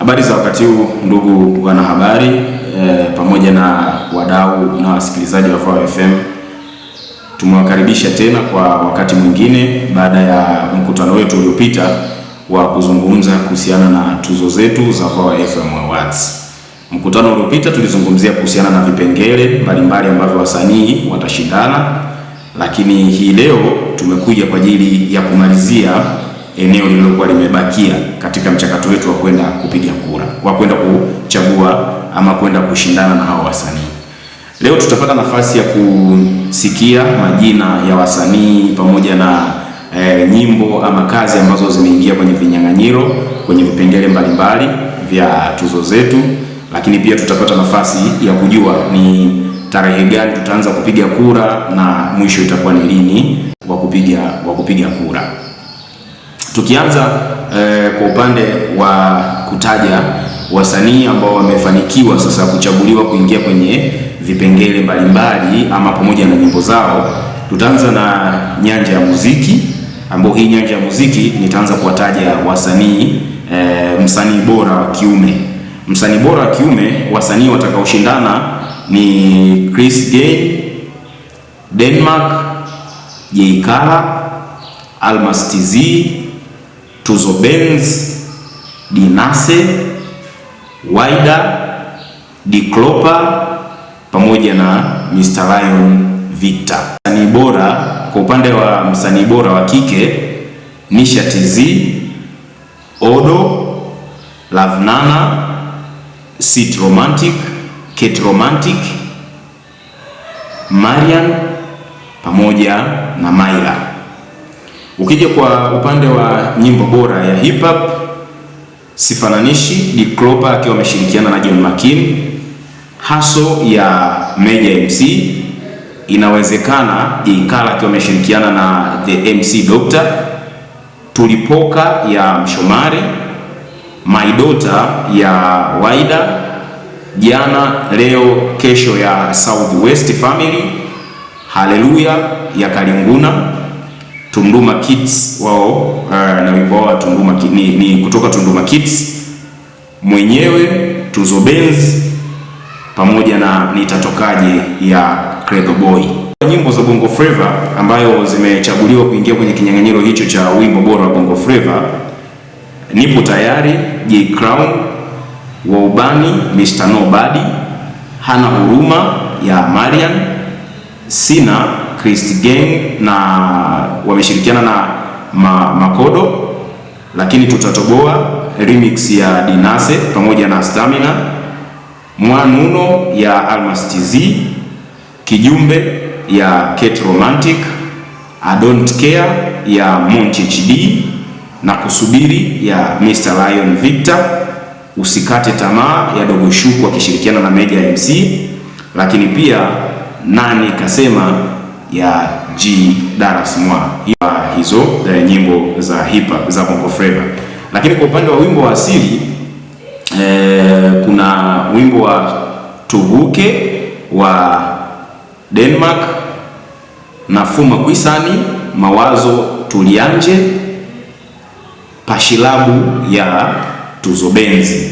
Habari za wakati huu ndugu wanahabari e, pamoja na wadau na wasikilizaji wa Fawa FM, tumewakaribisha tena kwa wakati mwingine baada ya mkutano wetu uliopita wa kuzungumza kuhusiana na tuzo zetu za Fawa FM Awards. Mkutano uliopita tulizungumzia kuhusiana na vipengele mbalimbali ambavyo wasanii watashindana, lakini hii leo tumekuja kwa ajili ya kumalizia eneo lililokuwa limebakia katika mchakato wetu wa kwenda kupiga kura, wa kwenda kuchagua ama kwenda kushindana na hao wasanii. Leo tutapata nafasi ya kusikia majina ya wasanii pamoja na e, nyimbo ama kazi ambazo zimeingia kwenye vinyang'anyiro kwenye vipengele mbalimbali vya tuzo zetu, lakini pia tutapata nafasi ya kujua ni tarehe gani tutaanza kupiga kura na mwisho itakuwa ni lini wa kupiga wa kupiga kura. Tukianza eh, kwa upande wa kutaja wasanii ambao wamefanikiwa sasa kuchaguliwa kuingia kwenye vipengele mbalimbali ama pamoja na nyimbo zao, tutaanza na nyanja ya muziki, ambao hii nyanja ya muziki nitaanza kuwataja wasanii eh, msanii bora wa kiume. Msanii bora wa kiume, wasanii watakaoshindana ni Chris Gay, Denmark, Jay Kala, Almas TZ Tuzo Benz, Dinase, Waida, Diklopa pamoja na Mr. Lion Victor. Msanii bora kwa upande wa msanii bora wa kike Nisha TZ, Odo, Lavnana, Sit Romantic, Kate Romantic, Marian pamoja na Maila. Ukija kwa upande wa nyimbo bora ya hip hop, sifananishi Diklopa akiwa ameshirikiana na John Makin, haso ya Meja MC, inawezekana Ikala akiwa ameshirikiana na The MC Doctor, tulipoka ya Mshomari, My Daughter ya Waida, jana leo kesho ya Southwest Family, Haleluya ya Kalinguna Tunduma Kids wao, uh, na wimbo wao Tunduma ni, ni kutoka Tunduma Kids mwenyewe Tuzo Benz pamoja na nitatokaje ya Credo Boy. Nyimbo za Bongo Flava ambayo zimechaguliwa kuingia kwenye kinyang'anyiro hicho cha wimbo bora wa Bongo Flava nipo tayari, J Crown wa Ubani, Mr Nobody, Hana Huruma ya Marian, sina Christ Gang na wameshirikiana na ma, Makodo, lakini tutatoboa remix ya Dinase pamoja na Stamina, Mwanuno ya Almas TZ, Kijumbe ya Kate Romantic, I Don't Care ya Monchi HD na Kusubiri ya Mr. Lion Victor, Usikate Tamaa ya Dogo Shuku akishirikiana na Meja MC, lakini pia nani kasema ya G Daras Moi hizo eh, nyimbo za hip hop za Bongo Flava. Lakini kwa upande wa wimbo wa asili e, kuna wimbo wa Tubuke wa Denmark na Fuma Kwisani, Mawazo Tulianje, Pashilabu ya Tuzo Benzi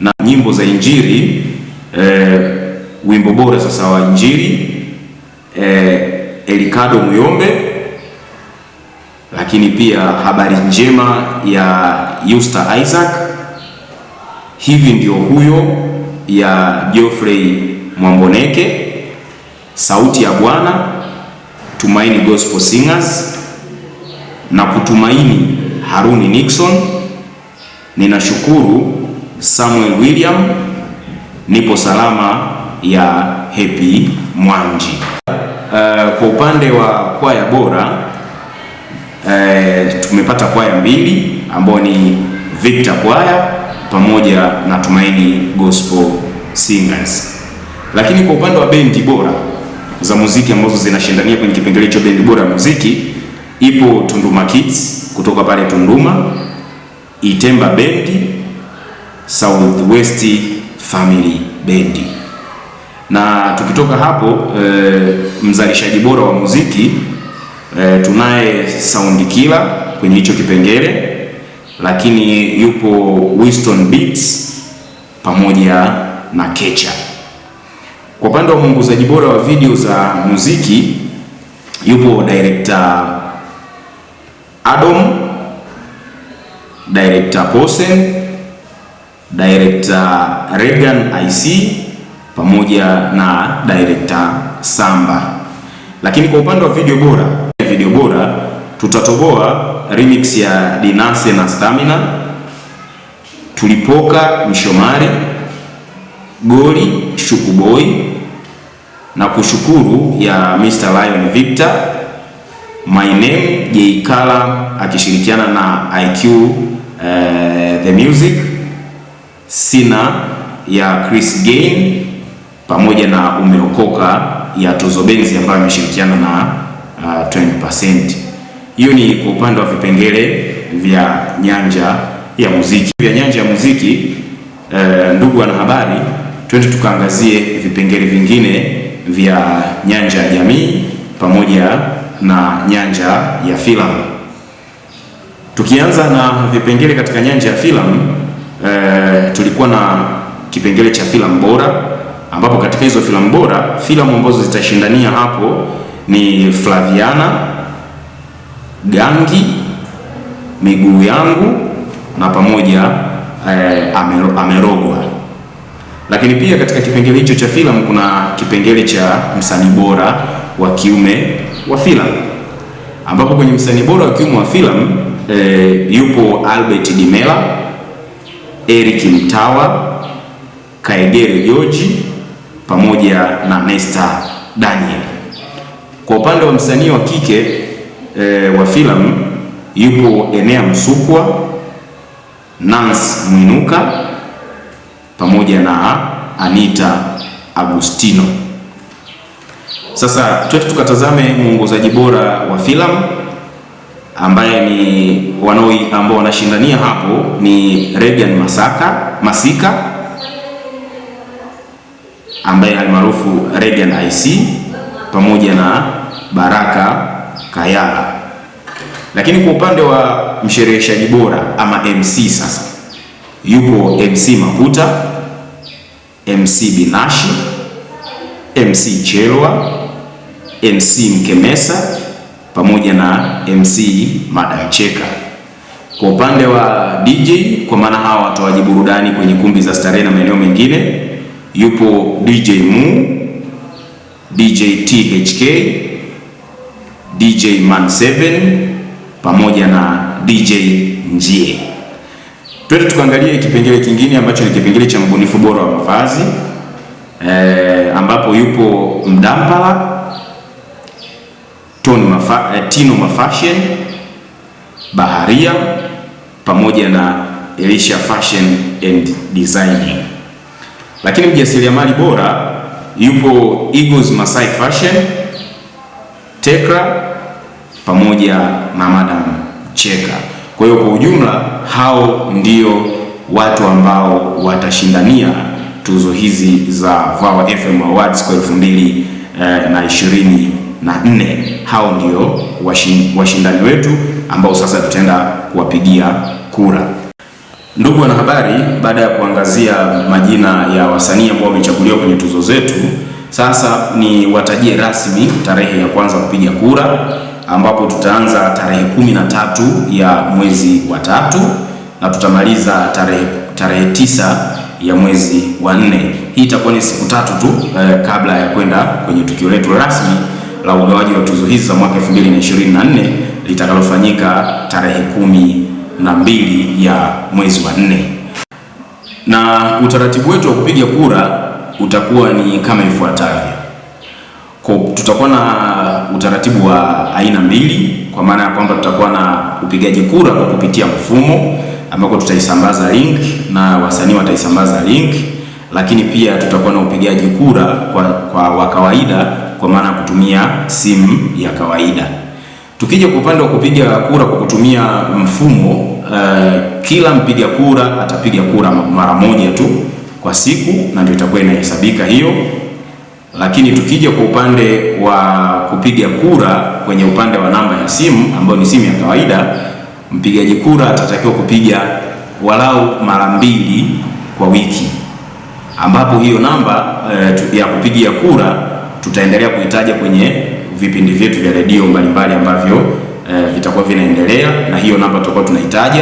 na nyimbo za Injili e, wimbo bora sasa wa Injili eh, Elikado Muyombe, lakini pia habari njema ya Yusta Isaac, hivi ndio huyo ya Geoffrey Mwamboneke, Sauti ya Bwana, Tumaini Gospel Singers na Kutumaini Haruni Nixon. Ninashukuru Samuel William, nipo salama ya Happy Mwanji kwa upande wa kwaya bora e, tumepata kwaya mbili ambao ni Victor Kwaya pamoja na Tumaini Gospel Singers. Lakini kwa upande wa bendi bora za muziki ambazo zinashindania kwenye kipengele hicho bendi bora ya muziki ipo Tunduma Kids kutoka pale Tunduma, Itemba Bendi, Southwest Family Bendi na tukitoka hapo e, mzalishaji bora wa muziki e, tunaye Sound kila kwenye hicho kipengele, lakini yupo Winston Beats pamoja na Kecha. Kwa upande wa mwongozaji bora wa video za muziki yupo director Adam, director Posen, director Regan IC pamoja na director Samba. Lakini kwa upande wa video bora, video bora tutatoboa remix ya Dinase na Stamina, tulipoka Mshomari, goli Shukuboi na kushukuru ya Mr. Lion Victor, my name Jay Kala akishirikiana na IQ uh, eh, the music sina ya Chris Gain pamoja na umeokoka ya tozo benzi ambayo ameshirikiana na uh, 20%. Hiyo ni kwa upande wa vipengele vya nyanja ya muziki vya nyanja ya muziki. Uh, ndugu wanahabari, twende tukaangazie vipengele vingine vya nyanja ya jamii pamoja na nyanja ya filamu. Tukianza na vipengele katika nyanja ya filamu, uh, tulikuwa na kipengele cha filamu bora ambapo katika hizo filamu bora filamu ambazo zitashindania hapo ni Flaviana, Gangi, Miguu Yangu na pamoja eh, Amerogwa. Lakini pia katika kipengele hicho cha filamu kuna kipengele cha msanii bora wa kiume wa filamu, ambapo kwenye msanii bora wa kiume wa filamu eh, yupo Albert Dimela, Eric Mtawa, Kaegere George pamoja na Nesta Daniel. Kwa upande wa msanii wa kike e, wa filamu yupo Enea Msukwa, Nance Mwinuka pamoja na Anita Agustino. Sasa twetu tukatazame mwongozaji bora wa filamu ambaye ni wanao ambao wanashindania hapo ni Regan Masaka Masika ambaye almaarufu Regan IC pamoja na Baraka Kayala. Lakini kwa upande wa mshereheshaji bora ama MC sasa, yupo MC Makuta, MC Binashi, MC Chelwa, MC Mkemesa pamoja na MC Madam Cheka. Kwa upande wa DJ, kwa maana hawa watoaji burudani kwenye kumbi za starehe na maeneo mengine yupo DJ Mu, DJ THK, DJ Man 7 pamoja na DJ Njie. Twende tukaangalie kipengele kingine ambacho ni kipengele cha mbunifu bora wa mavazi e, ambapo yupo Mdampala Tony Mafa, eh, Tino Mafashion Baharia pamoja na Elisha Fashion and Designing. Lakini mjasiriamali bora yupo Eagles Masai Fashion, Tekra pamoja na Madam Cheka. Kwa hiyo kwa ujumla hao ndio watu ambao watashindania tuzo hizi za Vawa FM Awards kwa 2024. Eh, hao ndio washindani wetu ambao sasa tutaenda kuwapigia kura. Ndugu wanahabari, baada ya kuangazia majina ya wasanii ambao wamechaguliwa kwenye tuzo zetu, sasa ni watajie rasmi tarehe ya kwanza kupiga kura, ambapo tutaanza tarehe kumi na tatu ya mwezi wa tatu na tutamaliza tarehe tarehe tisa ya mwezi wa nne. Hii itakuwa ni siku tatu tu eh, kabla ya kwenda kwenye tukio letu rasmi la ugawaji wa tuzo hizi za mwaka 2024 litakalofanyika tarehe kumi na mbili ya mwezi wa nne, na utaratibu wetu wa kupiga kura utakuwa ni kama ifuatavyo. Tutakuwa na utaratibu wa aina mbili, kwa maana ya kwamba tutakuwa na upigaji kura kwa kupitia mfumo ambako tutaisambaza link na wasanii wataisambaza link, lakini pia tutakuwa na upigaji kura kwa, kwa wa kawaida kwa maana ya kutumia simu ya kawaida. Tukija kwa upande wa kupiga kura kwa kutumia mfumo uh, kila mpiga kura atapiga kura mara moja tu kwa siku na ndio itakuwa inahesabika hiyo. Lakini tukija kwa upande wa kupiga kura kwenye upande wa namba ya simu ambayo ni simu ya kawaida, mpigaji kura atatakiwa kupiga walau mara mbili kwa wiki, ambapo hiyo namba uh, ya kupigia kura tutaendelea kuitaja kwenye vipindi vyetu vya redio mbalimbali ambavyo eh, vitakuwa vinaendelea, na hiyo namba tutakuwa tunahitaji.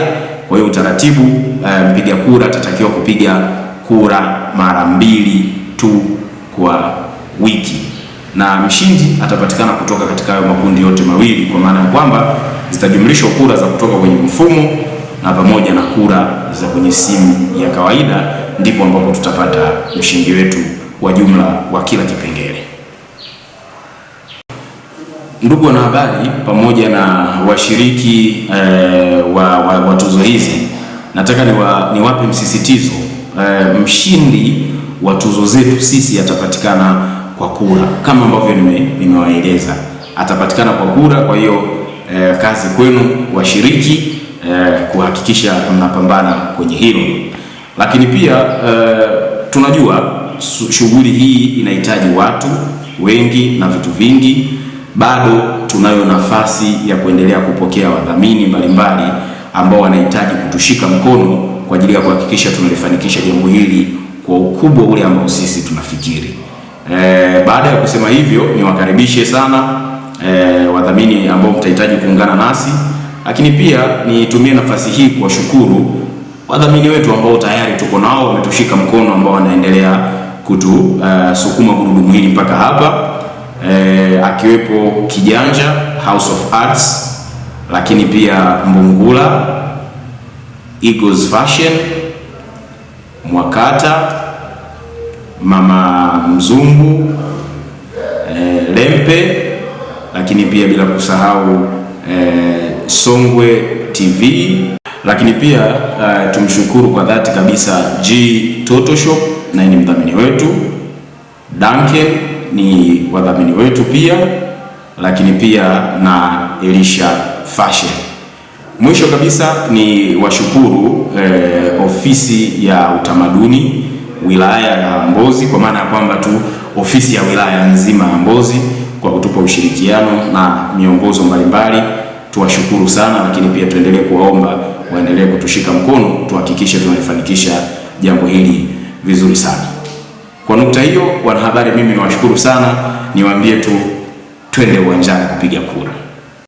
Kwa hiyo utaratibu, eh, mpiga kura atatakiwa kupiga kura mara mbili tu kwa wiki na mshindi atapatikana kutoka katika hayo makundi yote mawili, kwa maana ya kwamba zitajumlishwa kura za kutoka kwenye mfumo na pamoja na kura za kwenye simu ya kawaida, ndipo ambapo tutapata mshindi wetu wa jumla wa kila kipengele. Ndugu wanahabari pamoja na washiriki e, wa, wa, wa tuzo hizi, nataka niwape wa, ni msisitizo e, mshindi wa tuzo zetu sisi atapatikana kwa kura kama ambavyo nimewaeleza, nime atapatikana kwa kura. Kwa hiyo e, kazi kwenu washiriki e, kuhakikisha mnapambana kwenye hilo, lakini pia e, tunajua shughuli hii inahitaji watu wengi na vitu vingi bado tunayo nafasi ya kuendelea kupokea wadhamini mbalimbali ambao wanahitaji kutushika mkono kwa ajili ya kuhakikisha tunalifanikisha jambo hili kwa ukubwa ule ambao sisi tunafikiri. E, baada ya kusema hivyo niwakaribishe sana e, wadhamini ambao mtahitaji kuungana nasi, lakini pia nitumie nafasi hii kuwashukuru wadhamini wetu ambao tayari tuko nao wametushika mkono, ambao wanaendelea kutusukuma eh, uh, gurudumu hili mpaka hapa eh, akiwepo Kijanja House of Arts, lakini pia Mbungula Eagles Fashion, Mwakata, Mama Mzungu eh, Lempe, lakini pia bila kusahau eh, Songwe TV lakini pia uh, tumshukuru kwa dhati kabisa G Shop, na ni mdhamini wetu Duncan ni wadhamini wetu pia, lakini pia na Elisha Fashion. Mwisho kabisa ni washukuru eh, ofisi ya utamaduni wilaya ya Mbozi, kwa maana ya kwamba tu ofisi ya wilaya nzima ya Mbozi kwa kutupa ushirikiano na miongozo mbalimbali, tuwashukuru sana, lakini pia tuendelee kuwaomba waendelee kutushika mkono, tuhakikishe tunalifanikisha jambo hili vizuri sana. Kwa nukta hiyo, wanahabari, mimi niwashukuru sana, niwaambie tu twende uwanjani kupiga kura.